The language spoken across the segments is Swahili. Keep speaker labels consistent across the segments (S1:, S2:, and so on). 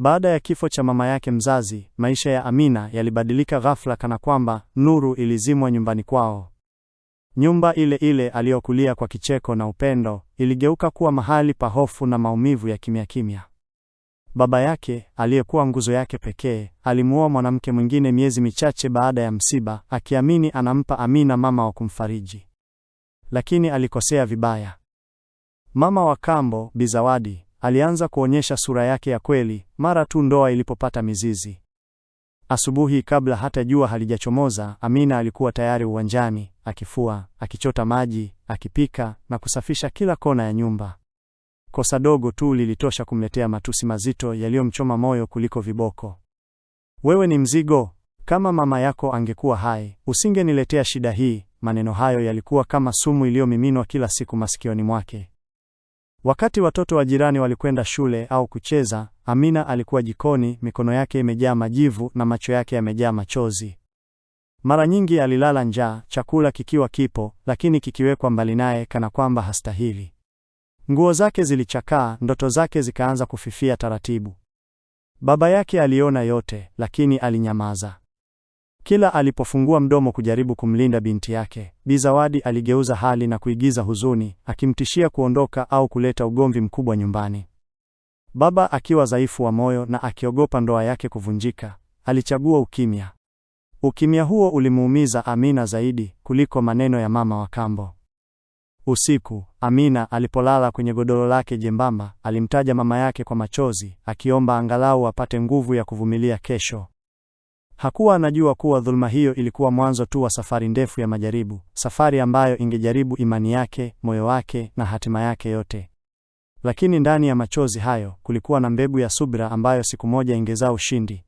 S1: Baada ya kifo cha mama yake mzazi, maisha ya Amina yalibadilika ghafla kana kwamba nuru ilizimwa nyumbani kwao. Nyumba ile ile aliyokulia kwa kicheko na upendo iligeuka kuwa mahali pa hofu na maumivu ya kimya kimya. Baba yake aliyekuwa nguzo yake pekee alimuoa mwanamke mwingine miezi michache baada ya msiba, akiamini anampa Amina mama wa kumfariji, lakini alikosea vibaya. Mama wa kambo Bizawadi alianza kuonyesha sura yake ya kweli mara tu ndoa ilipopata mizizi. Asubuhi, kabla hata jua halijachomoza, Amina alikuwa tayari uwanjani akifua, akichota maji, akipika na kusafisha kila kona ya nyumba. Kosa dogo tu lilitosha kumletea matusi mazito yaliyomchoma moyo kuliko viboko. Wewe ni mzigo, kama mama yako angekuwa hai usingeniletea shida hii. Maneno hayo yalikuwa kama sumu iliyomiminwa kila siku masikioni mwake. Wakati watoto wa jirani walikwenda shule au kucheza, Amina alikuwa jikoni, mikono yake imejaa majivu na macho yake yamejaa machozi. Mara nyingi alilala njaa, chakula kikiwa kipo, lakini kikiwekwa mbali naye kana kwamba hastahili. Nguo zake zilichakaa, ndoto zake zikaanza kufifia taratibu. Baba yake aliona yote, lakini alinyamaza. Kila alipofungua mdomo kujaribu kumlinda binti yake, Bi Zawadi aligeuza hali na kuigiza huzuni, akimtishia kuondoka au kuleta ugomvi mkubwa nyumbani. Baba akiwa dhaifu wa moyo na akiogopa ndoa yake kuvunjika, alichagua ukimya. Ukimya huo ulimuumiza Amina zaidi kuliko maneno ya mama wa kambo. Usiku, Amina alipolala kwenye godoro lake jembamba, alimtaja mama yake kwa machozi, akiomba angalau apate nguvu ya kuvumilia kesho. Hakuwa anajua kuwa dhuluma hiyo ilikuwa mwanzo tu wa safari ndefu ya majaribu, safari ambayo ingejaribu imani yake, moyo wake na hatima yake yote. Lakini ndani ya machozi hayo kulikuwa na mbegu ya subira ambayo siku moja ingezaa ushindi.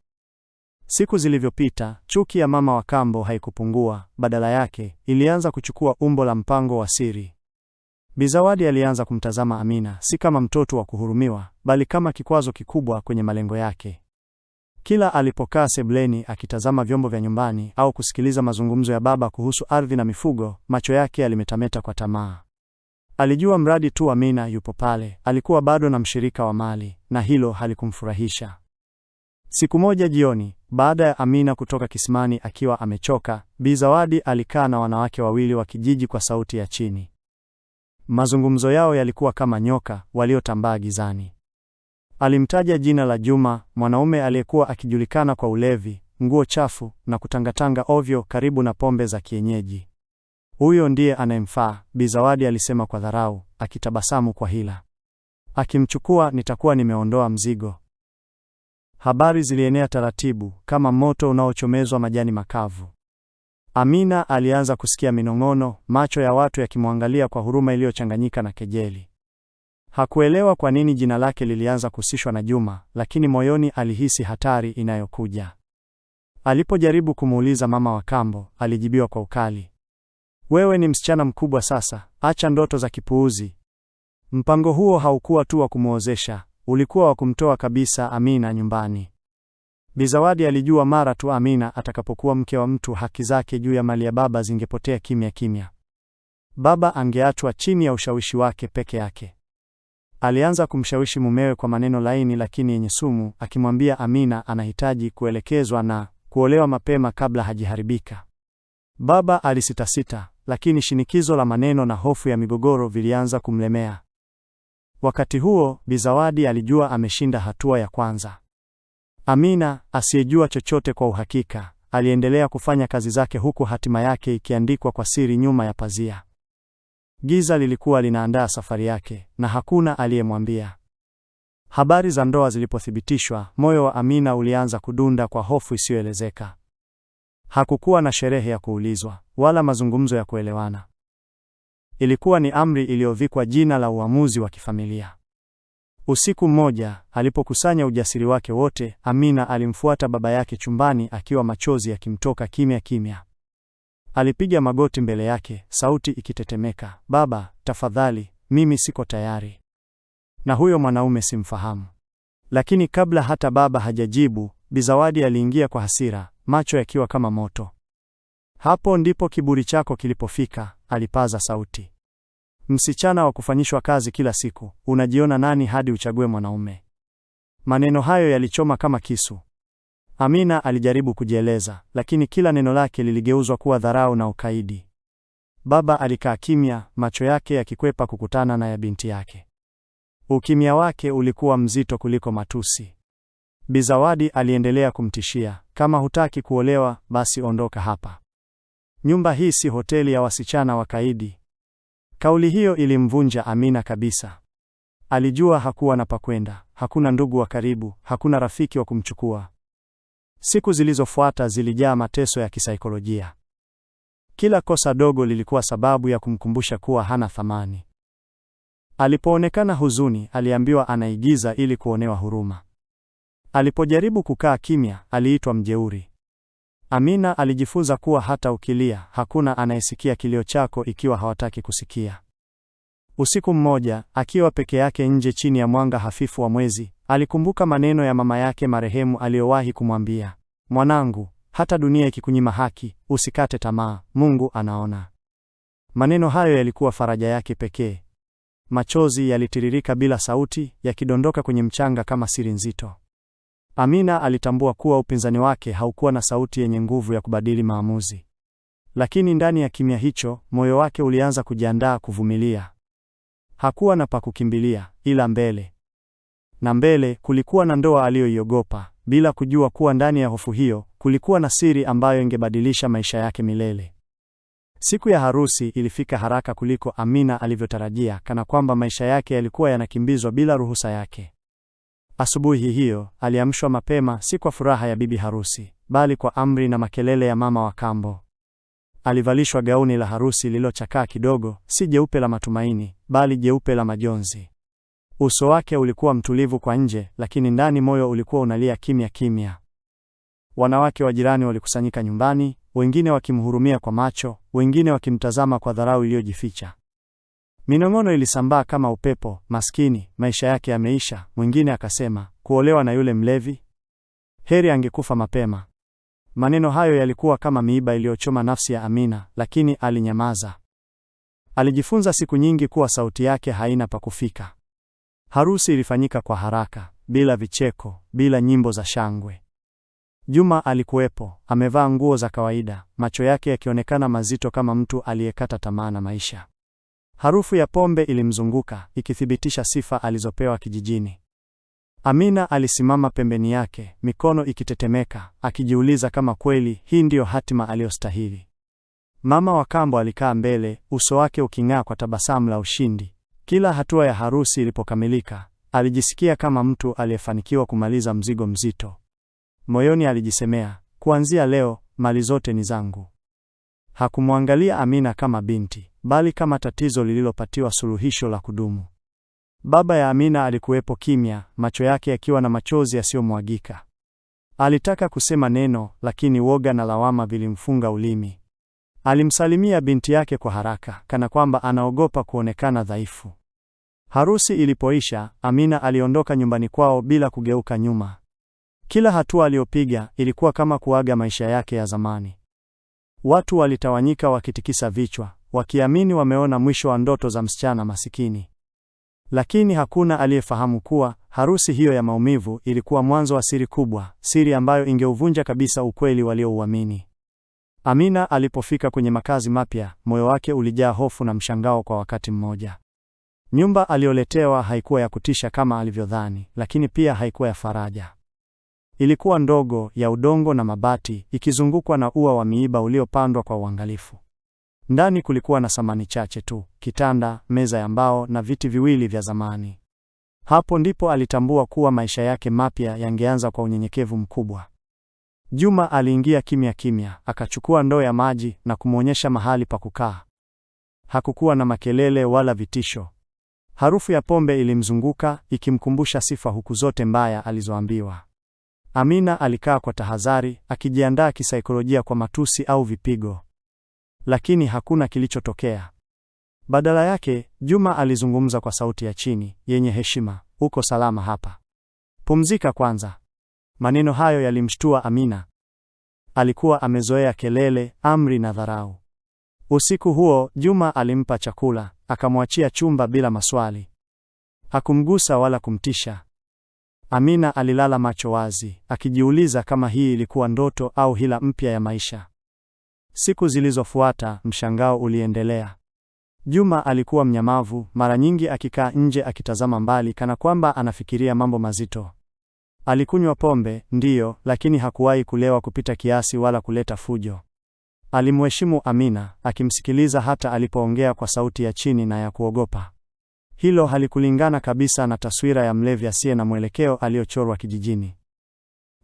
S1: Siku zilivyopita, chuki ya mama wa kambo haikupungua, badala yake ilianza kuchukua umbo la mpango wa siri. Bizawadi alianza kumtazama Amina si kama mtoto wa kuhurumiwa, bali kama kikwazo kikubwa kwenye malengo yake. Kila alipokaa sebleni akitazama vyombo vya nyumbani au kusikiliza mazungumzo ya baba kuhusu ardhi na mifugo, macho yake yalimetameta kwa tamaa. Alijua mradi tu Amina yupo pale, alikuwa bado na mshirika wa mali, na hilo halikumfurahisha. Siku moja jioni, baada ya Amina kutoka kisimani akiwa amechoka, Bi Zawadi alikaa na wanawake wawili wa kijiji kwa sauti ya chini. Mazungumzo yao yalikuwa kama nyoka waliotambaa gizani. Alimtaja jina la Juma, mwanaume aliyekuwa akijulikana kwa ulevi, nguo chafu na kutangatanga ovyo karibu na pombe za kienyeji. Huyo ndiye anayemfaa, Bi Zawadi alisema kwa dharau, akitabasamu kwa hila. Akimchukua nitakuwa nimeondoa mzigo. Habari zilienea taratibu kama moto unaochomezwa majani makavu. Amina alianza kusikia minong'ono, macho ya watu yakimwangalia kwa huruma iliyochanganyika na kejeli. Hakuelewa kwa nini jina lake lilianza kuhusishwa na Juma, lakini moyoni alihisi hatari inayokuja. Alipojaribu kumuuliza mama wa kambo, alijibiwa kwa ukali, wewe ni msichana mkubwa sasa, acha ndoto za kipuuzi. Mpango huo haukuwa tu wa kumwozesha, ulikuwa wa kumtoa kabisa Amina nyumbani. Bizawadi alijua mara tu Amina atakapokuwa mke wa mtu, haki zake juu ya mali ya baba zingepotea kimya kimya. Baba angeachwa chini ya ushawishi wake peke yake. Alianza kumshawishi mumewe kwa maneno laini lakini yenye sumu, akimwambia Amina anahitaji kuelekezwa na kuolewa mapema kabla hajiharibika. Baba alisitasita, lakini shinikizo la maneno na hofu ya migogoro vilianza kumlemea. Wakati huo, Bizawadi alijua ameshinda hatua ya kwanza. Amina, asiyejua chochote kwa uhakika, aliendelea kufanya kazi zake huku hatima yake ikiandikwa kwa siri nyuma ya pazia. Giza lilikuwa linaandaa safari yake na hakuna aliyemwambia. Habari za ndoa zilipothibitishwa, moyo wa Amina ulianza kudunda kwa hofu isiyoelezeka. Hakukuwa na sherehe ya kuulizwa wala mazungumzo ya kuelewana. Ilikuwa ni amri iliyovikwa jina la uamuzi wa kifamilia. Usiku mmoja alipokusanya ujasiri wake wote, Amina alimfuata baba yake chumbani akiwa machozi yakimtoka kimya kimya. Alipiga magoti mbele yake, sauti ikitetemeka, "Baba, tafadhali, mimi siko tayari." Na huyo mwanaume simfahamu. Lakini kabla hata baba hajajibu, Bizawadi aliingia kwa hasira, macho yakiwa kama moto. Hapo ndipo kiburi chako kilipofika, alipaza sauti. Msichana wa kufanyishwa kazi kila siku, unajiona nani hadi uchague mwanaume? Maneno hayo yalichoma kama kisu. Amina alijaribu kujieleza, lakini kila neno lake liligeuzwa kuwa dharau na ukaidi. Baba alikaa kimya, macho yake yakikwepa kukutana na ya binti yake. Ukimya wake ulikuwa mzito kuliko matusi. Bizawadi aliendelea kumtishia, kama hutaki kuolewa basi ondoka hapa, nyumba hii si hoteli ya wasichana wakaidi. Kauli hiyo ilimvunja Amina kabisa. Alijua hakuwa na pakwenda, hakuna ndugu wa karibu, hakuna rafiki wa kumchukua. Siku zilizofuata zilijaa mateso ya kisaikolojia. Kila kosa dogo lilikuwa sababu ya kumkumbusha kuwa hana thamani. Alipoonekana huzuni, aliambiwa anaigiza ili kuonewa huruma. Alipojaribu kukaa kimya, aliitwa mjeuri. Amina alijifunza kuwa hata ukilia, hakuna anayesikia kilio chako ikiwa hawataki kusikia. Usiku mmoja, akiwa peke yake nje chini ya mwanga hafifu wa mwezi, Alikumbuka maneno ya mama yake marehemu aliyowahi kumwambia, mwanangu, hata dunia ikikunyima haki usikate tamaa, Mungu anaona. Maneno hayo yalikuwa faraja yake pekee. Machozi yalitiririka bila sauti, yakidondoka kwenye mchanga kama siri nzito. Amina alitambua kuwa upinzani wake haukuwa na sauti yenye nguvu ya kubadili maamuzi, lakini ndani ya kimya hicho moyo wake ulianza kujiandaa kuvumilia. Hakuwa na pa kukimbilia ila mbele na mbele kulikuwa na ndoa aliyoiogopa, bila kujua kuwa ndani ya hofu hiyo kulikuwa na siri ambayo ingebadilisha maisha yake milele. Siku ya harusi ilifika haraka kuliko Amina alivyotarajia, kana kwamba maisha yake yalikuwa yanakimbizwa bila ruhusa yake. Asubuhi hiyo aliamshwa mapema, si kwa furaha ya bibi harusi, bali kwa amri na makelele ya mama wa kambo. Alivalishwa gauni la harusi lililochakaa kidogo, si jeupe la matumaini, bali jeupe la majonzi. Uso wake ulikuwa mtulivu kwa nje, lakini ndani moyo ulikuwa unalia kimya kimya. Wanawake wa jirani walikusanyika nyumbani, wengine wakimhurumia kwa macho, wengine wakimtazama kwa dharau iliyojificha. Minong'ono ilisambaa kama upepo, maskini, maisha yake yameisha. Mwingine akasema, kuolewa na yule mlevi, heri angekufa mapema. Maneno hayo yalikuwa kama miiba iliyochoma nafsi ya Amina, lakini alinyamaza. Alijifunza siku nyingi kuwa sauti yake haina pa kufika. Harusi ilifanyika kwa haraka, bila vicheko, bila nyimbo za shangwe. Juma alikuwepo, amevaa nguo za kawaida, macho yake yakionekana mazito kama mtu aliyekata tamaa na maisha. Harufu ya pombe ilimzunguka, ikithibitisha sifa alizopewa kijijini. Amina alisimama pembeni yake, mikono ikitetemeka, akijiuliza kama kweli hii ndiyo hatima aliyostahili. Mama wa kambo alikaa mbele, uso wake uking'aa kwa tabasamu la ushindi. Kila hatua ya harusi ilipokamilika, alijisikia kama mtu aliyefanikiwa kumaliza mzigo mzito. Moyoni alijisemea, kuanzia leo mali zote ni zangu. Hakumwangalia Amina kama binti, bali kama tatizo lililopatiwa suluhisho la kudumu. Baba ya Amina alikuwepo kimya, macho yake yakiwa na machozi yasiyomwagika. Alitaka kusema neno, lakini woga na lawama vilimfunga ulimi. Alimsalimia binti yake kwa haraka, kana kwamba anaogopa kuonekana dhaifu. Harusi ilipoisha, Amina aliondoka nyumbani kwao bila kugeuka nyuma. Kila hatua aliyopiga ilikuwa kama kuaga maisha yake ya zamani. Watu walitawanyika wakitikisa vichwa, wakiamini wameona mwisho wa ndoto za msichana masikini. Lakini hakuna aliyefahamu kuwa harusi hiyo ya maumivu ilikuwa mwanzo wa siri kubwa, siri ambayo ingeuvunja kabisa ukweli waliouamini. Amina alipofika kwenye makazi mapya, moyo wake ulijaa hofu na mshangao kwa wakati mmoja. Nyumba aliyoletewa haikuwa ya kutisha kama alivyodhani, lakini pia haikuwa ya faraja. Ilikuwa ndogo, ya udongo na mabati, ikizungukwa na ua wa miiba uliopandwa kwa uangalifu. Ndani kulikuwa na samani chache tu: kitanda, meza ya mbao na viti viwili vya zamani. Hapo ndipo alitambua kuwa maisha yake mapya yangeanza kwa unyenyekevu mkubwa. Juma aliingia kimya kimya, akachukua ndoo ya maji na kumwonyesha mahali pa kukaa. Hakukuwa na makelele wala vitisho. Harufu ya pombe ilimzunguka ikimkumbusha sifa huku zote mbaya alizoambiwa. Amina alikaa kwa tahadhari, akijiandaa kisaikolojia kwa matusi au vipigo, lakini hakuna kilichotokea. Badala yake, Juma alizungumza kwa sauti ya chini yenye heshima, uko salama hapa, pumzika kwanza. Maneno hayo yalimshtua Amina. Alikuwa amezoea kelele, amri na dharau. Usiku huo Juma alimpa chakula, akamwachia chumba bila maswali. Hakumgusa wala kumtisha. Amina alilala macho wazi, akijiuliza kama hii ilikuwa ndoto au hila mpya ya maisha. Siku zilizofuata mshangao uliendelea. Juma alikuwa mnyamavu, mara nyingi akikaa nje akitazama mbali kana kwamba anafikiria mambo mazito. Alikunywa pombe, ndiyo, lakini hakuwahi kulewa kupita kiasi wala kuleta fujo. Alimheshimu Amina, akimsikiliza hata alipoongea kwa sauti ya chini na ya kuogopa. Hilo halikulingana kabisa na taswira ya mlevi asiye na mwelekeo aliyochorwa kijijini.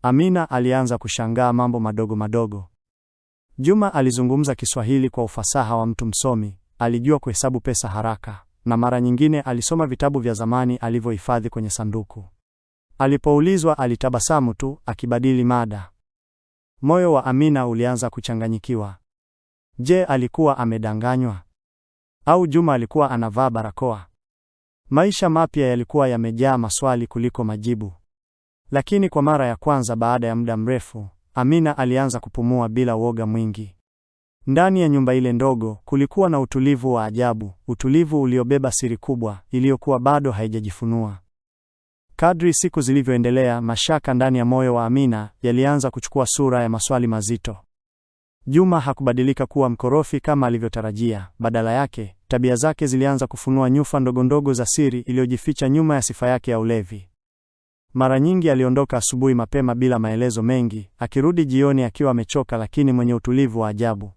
S1: Amina alianza kushangaa mambo madogo madogo. Juma alizungumza Kiswahili kwa ufasaha wa mtu msomi, alijua kuhesabu pesa haraka, na mara nyingine alisoma vitabu vya zamani alivyohifadhi kwenye sanduku. Alipoulizwa alitabasamu tu, akibadili mada. Moyo wa Amina ulianza kuchanganyikiwa. Je, alikuwa amedanganywa? Au Juma alikuwa anavaa barakoa? Maisha mapya yalikuwa yamejaa maswali kuliko majibu. Lakini kwa mara ya kwanza baada ya muda mrefu, Amina alianza kupumua bila woga mwingi. Ndani ya nyumba ile ndogo kulikuwa na utulivu wa ajabu, utulivu uliobeba siri kubwa iliyokuwa bado haijajifunua. Kadri siku zilivyoendelea, mashaka ndani ya moyo wa Amina yalianza kuchukua sura ya maswali mazito. Juma hakubadilika kuwa mkorofi kama alivyotarajia. Badala yake, tabia zake zilianza kufunua nyufa ndogondogo za siri iliyojificha nyuma ya sifa yake ya ulevi. Mara nyingi aliondoka asubuhi mapema bila maelezo mengi, akirudi jioni akiwa amechoka lakini mwenye utulivu wa ajabu.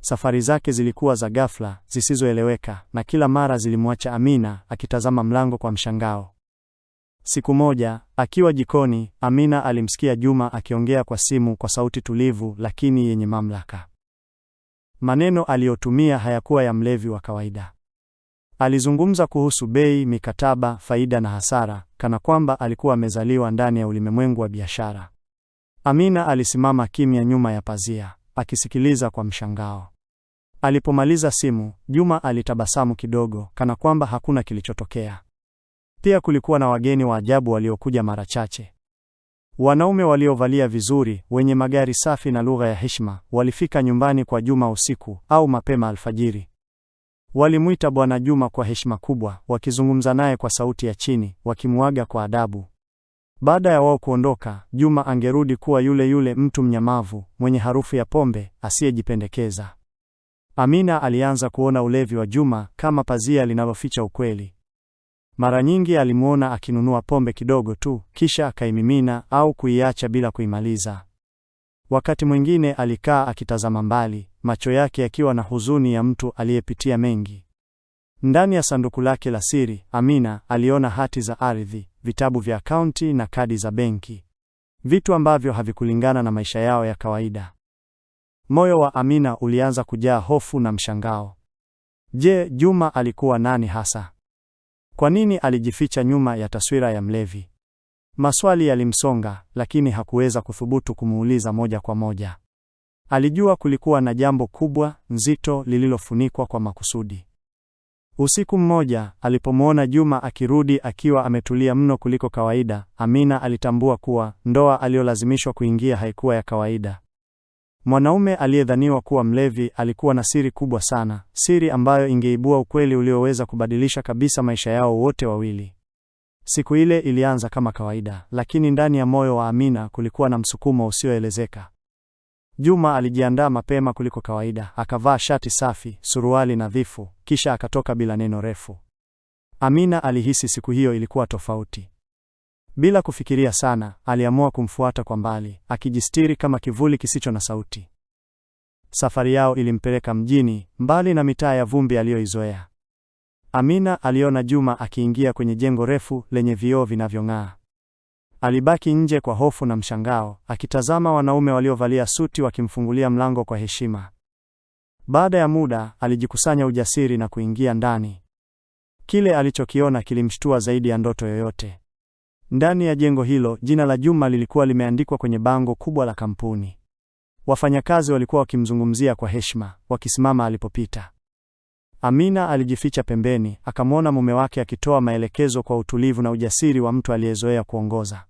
S1: Safari zake zilikuwa za ghafla, zisizoeleweka, na kila mara zilimwacha Amina akitazama mlango kwa mshangao. Siku moja akiwa jikoni, Amina alimsikia Juma akiongea kwa simu kwa sauti tulivu lakini yenye mamlaka. Maneno aliyotumia hayakuwa ya mlevi wa kawaida. Alizungumza kuhusu bei, mikataba, faida na hasara, kana kwamba alikuwa amezaliwa ndani ya ulimwengu wa biashara. Amina alisimama kimya nyuma ya pazia, akisikiliza kwa mshangao. Alipomaliza simu, Juma alitabasamu kidogo, kana kwamba hakuna kilichotokea. Pia kulikuwa na wageni wa ajabu waliokuja mara chache. Wanaume waliovalia vizuri, wenye magari safi na lugha ya heshima, walifika nyumbani kwa Juma usiku au mapema alfajiri. Walimwita Bwana Juma kwa heshima kubwa, wakizungumza naye kwa sauti ya chini, wakimwaga kwa adabu. Baada ya wao kuondoka, Juma angerudi kuwa yule yule mtu mnyamavu, mwenye harufu ya pombe, asiyejipendekeza. Amina alianza kuona ulevi wa Juma kama pazia linaloficha ukweli. Mara nyingi alimwona akinunua pombe kidogo tu, kisha akaimimina au kuiacha bila kuimaliza. Wakati mwingine alikaa akitazama mbali, macho yake yakiwa na huzuni ya mtu aliyepitia mengi. Ndani ya sanduku lake la siri, Amina aliona hati za ardhi, vitabu vya akaunti na kadi za benki, vitu ambavyo havikulingana na maisha yao ya kawaida. Moyo wa Amina ulianza kujaa hofu na mshangao. Je, Juma alikuwa nani hasa? Kwa nini alijificha nyuma ya taswira ya mlevi? Maswali yalimsonga, lakini hakuweza kuthubutu kumuuliza moja kwa moja. Alijua kulikuwa na jambo kubwa, nzito, lililofunikwa kwa makusudi. Usiku mmoja alipomwona Juma akirudi akiwa ametulia mno kuliko kawaida, Amina alitambua kuwa ndoa aliyolazimishwa kuingia haikuwa ya kawaida. Mwanaume aliyedhaniwa kuwa mlevi alikuwa na siri kubwa sana, siri ambayo ingeibua ukweli ulioweza kubadilisha kabisa maisha yao wote wawili. Siku ile ilianza kama kawaida, lakini ndani ya moyo wa Amina kulikuwa na msukumo usioelezeka. Juma alijiandaa mapema kuliko kawaida, akavaa shati safi, suruali nadhifu, kisha akatoka bila neno refu. Amina alihisi siku hiyo ilikuwa tofauti. Bila kufikiria sana, aliamua kumfuata kwa mbali, akijistiri kama kivuli kisicho na sauti. Safari yao ilimpeleka mjini, mbali na mitaa ya vumbi aliyoizoea. Amina aliona Juma akiingia kwenye jengo refu lenye vioo vinavyong'aa. Alibaki nje kwa hofu na mshangao, akitazama wanaume waliovalia suti wakimfungulia mlango kwa heshima. Baada ya muda, alijikusanya ujasiri na kuingia ndani. Kile alichokiona kilimshtua zaidi ya ndoto yoyote. Ndani ya jengo hilo jina la Juma lilikuwa limeandikwa kwenye bango kubwa la kampuni. Wafanyakazi walikuwa wakimzungumzia kwa heshima, wakisimama alipopita. Amina alijificha pembeni, akamwona mume wake akitoa maelekezo kwa utulivu na ujasiri wa mtu aliyezoea kuongoza.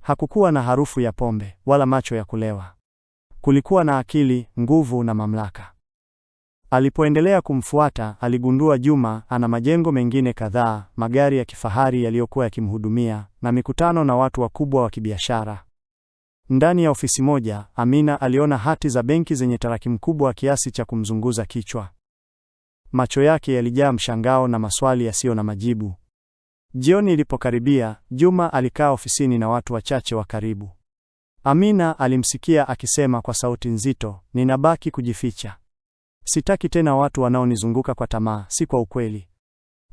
S1: Hakukuwa na harufu ya pombe wala macho ya kulewa. Kulikuwa na akili, nguvu na mamlaka. Alipoendelea kumfuata, aligundua Juma ana majengo mengine kadhaa, magari ya kifahari yaliyokuwa yakimhudumia na mikutano na watu wakubwa wa kibiashara. Ndani ya ofisi moja, Amina aliona hati za benki zenye tarakimu kubwa kiasi cha kumzunguza kichwa. Macho yake yalijaa mshangao na maswali yasiyo na majibu. Jioni ilipokaribia, Juma alikaa ofisini na watu wachache wa karibu. Amina alimsikia akisema kwa sauti nzito, ninabaki kujificha. Sitaki tena watu wanaonizunguka kwa tamaa, si kwa ukweli.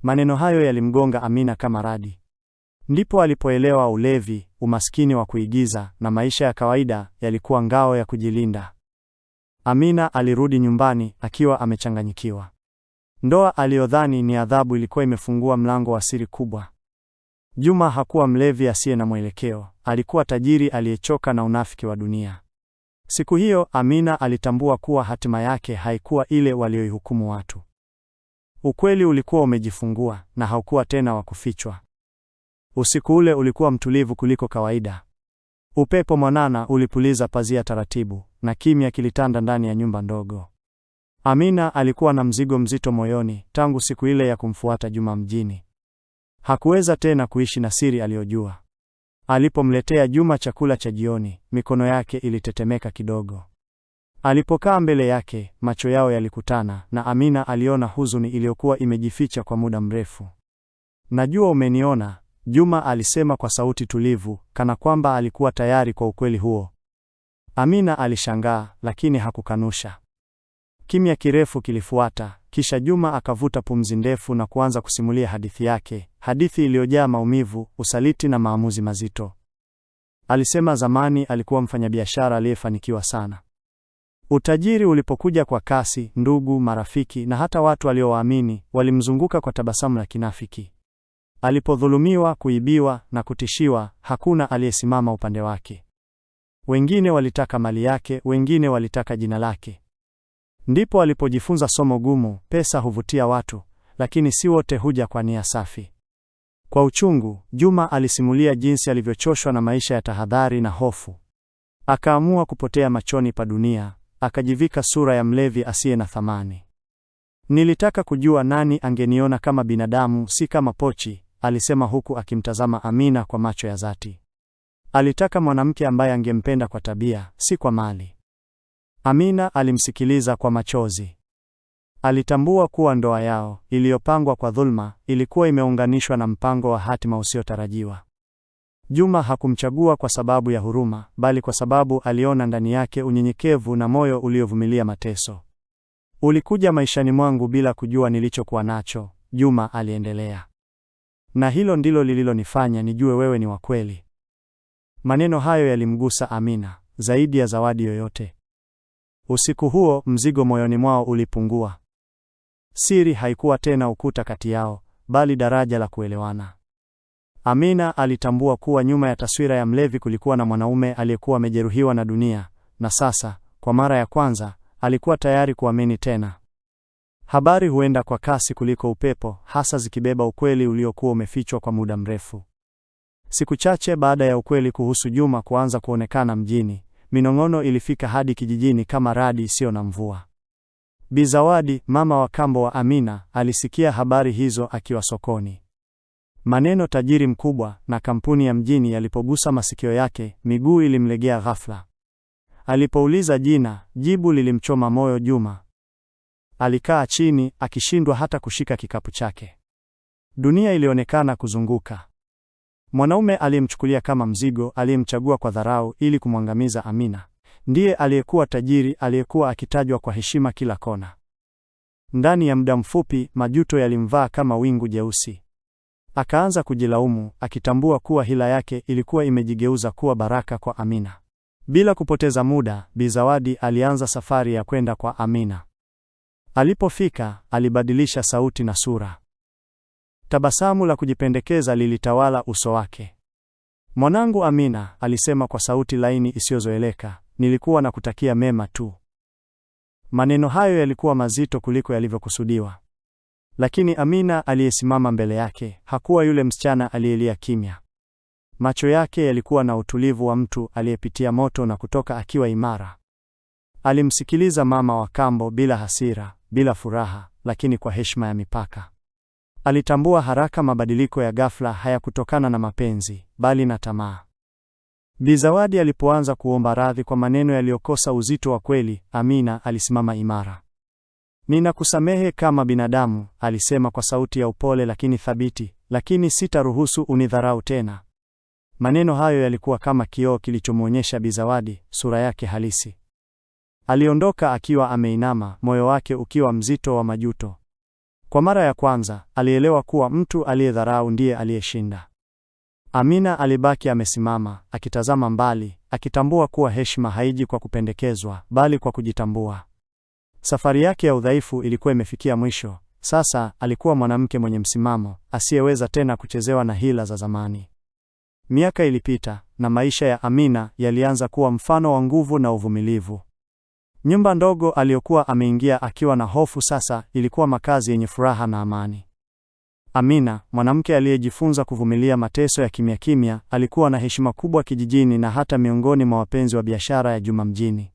S1: Maneno hayo yalimgonga Amina kama radi. Ndipo alipoelewa ulevi, umaskini wa kuigiza na maisha ya kawaida yalikuwa ngao ya kujilinda. Amina alirudi nyumbani akiwa amechanganyikiwa. Ndoa aliyodhani ni adhabu ilikuwa imefungua mlango wa siri kubwa. Juma hakuwa mlevi asiye na mwelekeo, alikuwa tajiri aliyechoka na unafiki wa dunia. Siku hiyo Amina alitambua kuwa hatima yake haikuwa ile walioihukumu watu. Ukweli ulikuwa umejifungua na haukuwa tena wa kufichwa. Usiku ule ulikuwa mtulivu kuliko kawaida. Upepo mwanana ulipuliza pazia taratibu na kimya kilitanda ndani ya nyumba ndogo. Amina alikuwa na mzigo mzito moyoni tangu siku ile ya kumfuata Juma mjini. Hakuweza tena kuishi na siri aliyojua. Alipomletea Juma chakula cha jioni, mikono yake ilitetemeka kidogo. Alipokaa mbele yake, macho yao yalikutana na Amina aliona huzuni iliyokuwa imejificha kwa muda mrefu. Najua umeniona, Juma alisema kwa sauti tulivu, kana kwamba alikuwa tayari kwa ukweli huo. Amina alishangaa, lakini hakukanusha. Kimya kirefu kilifuata, kisha Juma akavuta pumzi ndefu na kuanza kusimulia hadithi yake, hadithi iliyojaa maumivu, usaliti na maamuzi mazito. Alisema zamani alikuwa mfanyabiashara aliyefanikiwa sana. Utajiri ulipokuja kwa kasi, ndugu, marafiki na hata watu aliowaamini walimzunguka kwa tabasamu la kinafiki. Alipodhulumiwa, kuibiwa na kutishiwa, hakuna aliyesimama upande wake. Wengine walitaka mali yake, wengine walitaka jina lake, Ndipo alipojifunza somo gumu: pesa huvutia watu, lakini si wote huja kwa nia safi. Kwa uchungu, Juma alisimulia jinsi alivyochoshwa na maisha ya tahadhari na hofu. Akaamua kupotea machoni pa dunia, akajivika sura ya mlevi asiye na thamani. Nilitaka kujua nani angeniona kama binadamu, si kama pochi, alisema huku akimtazama Amina kwa macho ya dhati. Alitaka mwanamke ambaye angempenda kwa tabia, si kwa mali. Amina alimsikiliza kwa machozi. Alitambua kuwa ndoa yao iliyopangwa kwa dhulma ilikuwa imeunganishwa na mpango wa hatima usiotarajiwa. Juma hakumchagua kwa sababu ya huruma, bali kwa sababu aliona ndani yake unyenyekevu na moyo uliovumilia mateso. Ulikuja maishani mwangu bila kujua nilichokuwa nacho, Juma aliendelea, na hilo ndilo lililonifanya nijue wewe ni wa kweli. Maneno hayo yalimgusa Amina zaidi ya zawadi yoyote. Usiku huo mzigo moyoni mwao ulipungua. Siri haikuwa tena ukuta kati yao, bali daraja la kuelewana. Amina alitambua kuwa nyuma ya taswira ya mlevi kulikuwa na mwanaume aliyekuwa amejeruhiwa na dunia, na sasa kwa mara ya kwanza alikuwa tayari kuamini tena. Habari huenda kwa kasi kuliko upepo, hasa zikibeba ukweli uliokuwa umefichwa kwa muda mrefu. Siku chache baada ya ukweli kuhusu Juma kuanza kuonekana mjini, Minong'ono ilifika hadi kijijini kama radi isiyo na mvua. bizawadi mama wa kambo wa Amina, alisikia habari hizo akiwa sokoni. Maneno tajiri mkubwa na kampuni ya mjini yalipogusa masikio yake, miguu ilimlegea ghafla. Alipouliza jina, jibu lilimchoma moyo Juma. Alikaa chini akishindwa hata kushika kikapu chake. Dunia ilionekana kuzunguka. Mwanaume aliyemchukulia kama mzigo, aliyemchagua kwa dharau ili kumwangamiza Amina, ndiye aliyekuwa tajiri aliyekuwa akitajwa kwa heshima kila kona. Ndani ya muda mfupi, majuto yalimvaa kama wingu jeusi. Akaanza kujilaumu, akitambua kuwa hila yake ilikuwa imejigeuza kuwa baraka kwa Amina. Bila kupoteza muda, Bi Zawadi alianza safari ya kwenda kwa Amina. Alipofika, alibadilisha sauti na sura. Tabasamu la kujipendekeza lilitawala uso wake. Mwanangu Amina, alisema kwa sauti laini isiyozoeleka, nilikuwa na kutakia mema tu. Maneno hayo yalikuwa mazito kuliko yalivyokusudiwa, lakini Amina aliyesimama mbele yake hakuwa yule msichana aliyelia kimya. Macho yake yalikuwa na utulivu wa mtu aliyepitia moto na kutoka akiwa imara. Alimsikiliza mama wa kambo bila hasira, bila furaha, lakini kwa heshima ya mipaka. Alitambua haraka mabadiliko ya ghafla hayakutokana na mapenzi, bali na tamaa. Bi Zawadi alipoanza kuomba radhi kwa maneno yaliyokosa uzito wa kweli, Amina alisimama imara. Ninakusamehe kama binadamu, alisema kwa sauti ya upole lakini thabiti, lakini sitaruhusu unidharau tena. Maneno hayo yalikuwa kama kioo kilichomwonyesha Bi Zawadi sura yake halisi. Aliondoka akiwa ameinama, moyo wake ukiwa mzito wa majuto. Kwa mara ya kwanza alielewa kuwa mtu aliyedharau ndiye aliyeshinda. Amina alibaki amesimama akitazama mbali, akitambua kuwa heshima haiji kwa kupendekezwa, bali kwa kujitambua. Safari yake ya udhaifu ilikuwa imefikia mwisho. Sasa alikuwa mwanamke mwenye msimamo, asiyeweza tena kuchezewa na hila za zamani. Miaka ilipita na maisha ya Amina yalianza kuwa mfano wa nguvu na uvumilivu. Nyumba ndogo aliyokuwa ameingia akiwa na hofu sasa ilikuwa makazi yenye furaha na amani. Amina, mwanamke aliyejifunza kuvumilia mateso ya kimya kimya, alikuwa na heshima kubwa kijijini na hata miongoni mwa wapenzi wa biashara ya Juma mjini.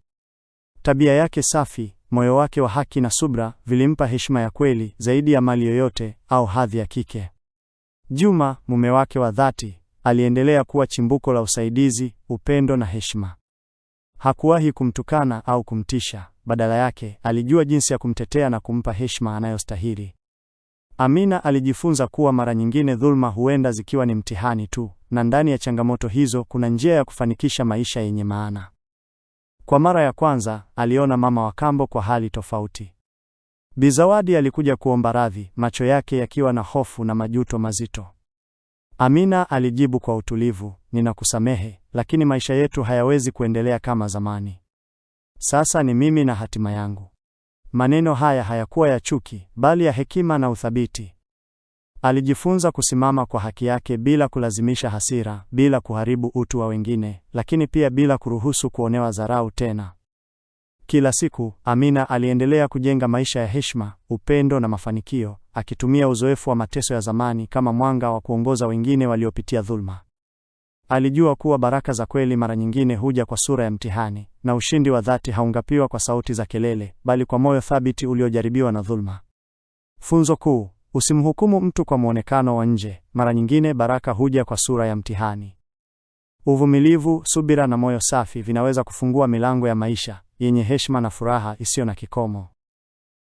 S1: Tabia yake safi, moyo wake wa haki na subra vilimpa heshima ya kweli zaidi ya mali yoyote au hadhi ya kike. Juma, mume wake wa dhati, aliendelea kuwa chimbuko la usaidizi, upendo na heshima. Hakuwahi kumtukana au kumtisha, badala yake alijua jinsi ya kumtetea na kumpa heshima anayostahili. Amina alijifunza kuwa mara nyingine dhuluma huenda zikiwa ni mtihani tu, na ndani ya changamoto hizo kuna njia ya kufanikisha maisha yenye maana. Kwa mara ya kwanza aliona mama wa kambo kwa hali tofauti. bizawadi alikuja kuomba radhi, macho yake yakiwa na hofu na majuto mazito. Amina alijibu kwa utulivu, ninakusamehe, lakini maisha yetu hayawezi kuendelea kama zamani. Sasa ni mimi na hatima yangu. Maneno haya hayakuwa ya chuki, bali ya hekima na uthabiti. Alijifunza kusimama kwa haki yake bila kulazimisha hasira, bila kuharibu utu wa wengine, lakini pia bila kuruhusu kuonewa dharau tena. Kila siku Amina aliendelea kujenga maisha ya heshima, upendo na mafanikio, akitumia uzoefu wa mateso ya zamani kama mwanga wa kuongoza wengine waliopitia dhuluma. Alijua kuwa baraka za kweli mara nyingine huja kwa sura ya mtihani, na ushindi wa dhati haungapiwa kwa sauti za kelele, bali kwa moyo thabiti uliojaribiwa na dhuluma. Funzo kuu: usimhukumu mtu kwa mwonekano wa nje. Mara nyingine baraka huja kwa sura ya mtihani. Uvumilivu, subira na moyo safi vinaweza kufungua milango ya maisha yenye heshima na furaha isiyo na kikomo.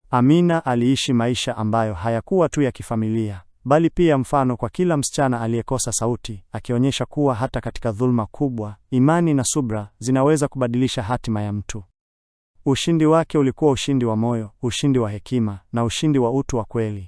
S1: Amina aliishi maisha ambayo hayakuwa tu ya kifamilia bali pia mfano kwa kila msichana aliyekosa sauti, akionyesha kuwa hata katika dhuluma kubwa, imani na subra zinaweza kubadilisha hatima ya mtu. Ushindi wake ulikuwa ushindi wa moyo, ushindi wa hekima na ushindi wa utu wa kweli.